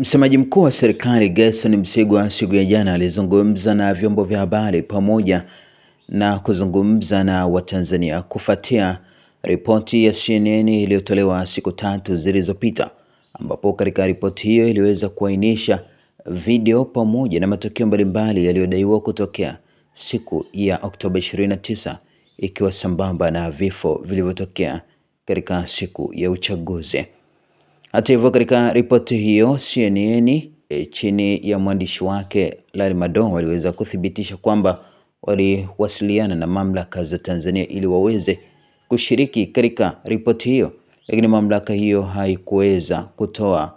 Msemaji mkuu wa serikali Gerson Msigwa siku ya jana alizungumza na vyombo vya habari pamoja na kuzungumza na Watanzania kufuatia ripoti ya CNN iliyotolewa siku tatu zilizopita, ambapo katika ripoti hiyo iliweza kuainisha video pamoja na matukio mbalimbali yaliyodaiwa kutokea siku ya Oktoba 29 ikiwa sambamba na vifo vilivyotokea katika siku ya uchaguzi. Hata hivyo, katika ripoti hiyo CNN e, chini ya mwandishi wake Larry Madowo waliweza kuthibitisha kwamba waliwasiliana na mamlaka za Tanzania ili waweze kushiriki katika ripoti hiyo, lakini mamlaka hiyo haikuweza kutoa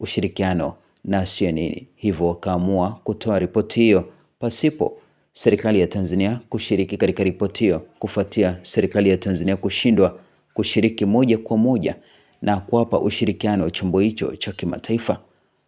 ushirikiano na CNN, hivyo wakaamua kutoa ripoti hiyo pasipo serikali ya Tanzania kushiriki katika ripoti hiyo, kufuatia serikali ya Tanzania kushindwa kushiriki moja kwa moja na kuwapa ushirikiano wa chombo hicho cha kimataifa.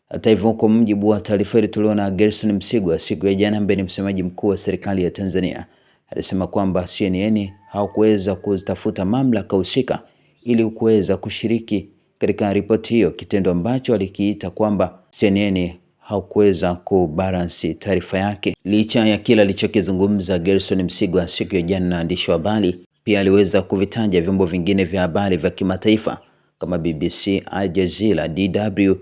Hata hivyo, kwa mujibu wa taarifa iliyotolewa na Gerson Msigwa siku ya jana, ambaye ni msemaji mkuu wa serikali ya Tanzania, alisema kwamba CNN hawakuweza kuzitafuta mamlaka husika ili kuweza kushiriki katika ripoti hiyo, kitendo ambacho alikiita kwamba CNN haukuweza kubalansi taarifa yake. Licha ya kila alichokizungumza Gerson Msigwa siku ya jana na waandishi wa habari, pia aliweza kuvitaja vyombo vingine vya habari vya kimataifa kama BBC, Al Jazeera, DW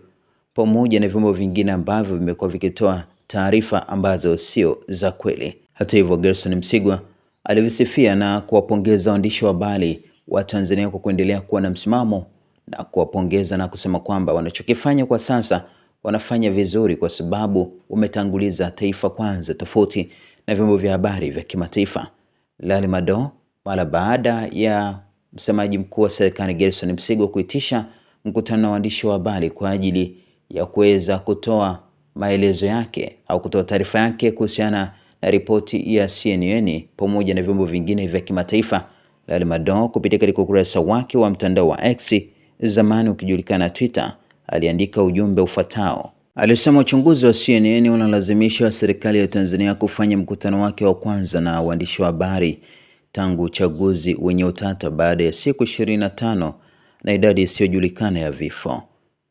pamoja na vyombo vingine ambavyo vimekuwa vikitoa taarifa ambazo sio za kweli. Hata hivyo, Gerson Msigwa alivisifia na kuwapongeza waandishi wa habari wa Tanzania kwa kuendelea kuwa na msimamo na kuwapongeza na kusema kwamba wanachokifanya kwa sasa wanafanya vizuri kwa sababu wametanguliza taifa kwanza, tofauti na vyombo vya habari vya kimataifa. lalimado Mado mara baada ya msemaji mkuu wa serikali Gerson Msigwa kuitisha mkutano na waandishi wa habari kwa ajili ya kuweza kutoa maelezo yake au kutoa taarifa yake kuhusiana na ripoti ya CNN pamoja na vyombo vingine vya kimataifa. Larry Madowo kupitia katika ukurasa wake wa mtandao wa X, zamani ukijulikana Twitter, aliandika ujumbe ufuatao. Alisema uchunguzi wa CNN unalazimisha serikali ya Tanzania kufanya mkutano wake wa kwanza na waandishi wa habari tangu uchaguzi wenye utata baada ya siku 25 na idadi isiyojulikana ya vifo.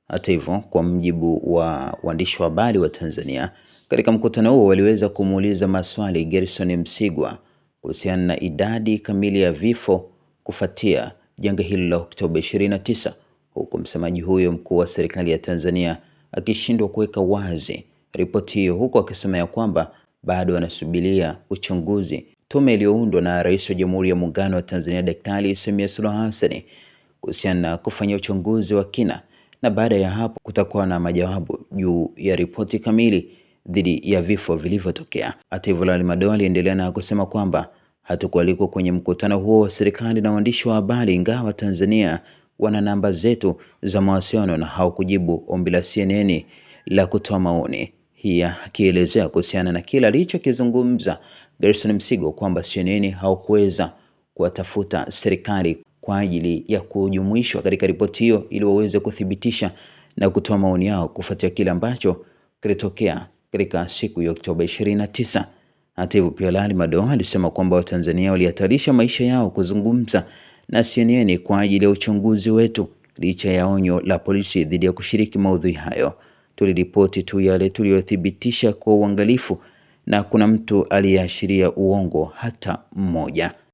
Hata hivyo, kwa mjibu wa waandishi wa habari wa Tanzania, katika mkutano huo waliweza kumuuliza maswali Gerson Msigwa kuhusiana na idadi kamili ya vifo kufuatia janga hilo la Oktoba 29 huku msemaji huyo mkuu wa serikali ya Tanzania akishindwa kuweka wazi ripoti hiyo huku akisema ya kwamba bado wanasubiria uchunguzi tume iliyoundwa na Rais wa Jamhuri ya Muungano wa Tanzania Daktari Samia Suluhu Hassan kuhusiana na kufanya uchunguzi wa kina, na baada ya hapo kutakuwa na majawabu juu ya ripoti kamili dhidi ya vifo vilivyotokea. Hata hivyo, Lawal Madoa aliendelea na kusema kwamba hatukualikwa kwenye mkutano huo wa serikali na waandishi wa habari, ingawa Tanzania wana namba zetu za mawasiliano na haukujibu ombi la CNN la kutoa maoni hii, akielezea kuhusiana na kile alichokizungumza Gerson Msigo kwamba CNN haukuweza kuwatafuta serikali kwa ajili ya kujumuishwa katika ripoti hiyo ili waweze kuthibitisha na kutoa maoni yao kufuatia kile ambacho kilitokea katika siku ya Oktoba 29. Hata hivyo, pia Lali Madoa alisema kwamba Watanzania walihatarisha maisha yao kuzungumza na CNN kwa ajili ya uchunguzi wetu, licha ya onyo la polisi dhidi ya kushiriki maudhui hayo. Tuliripoti tu yale tuliyothibitisha kwa uangalifu na kuna mtu aliyeashiria uongo hata mmoja.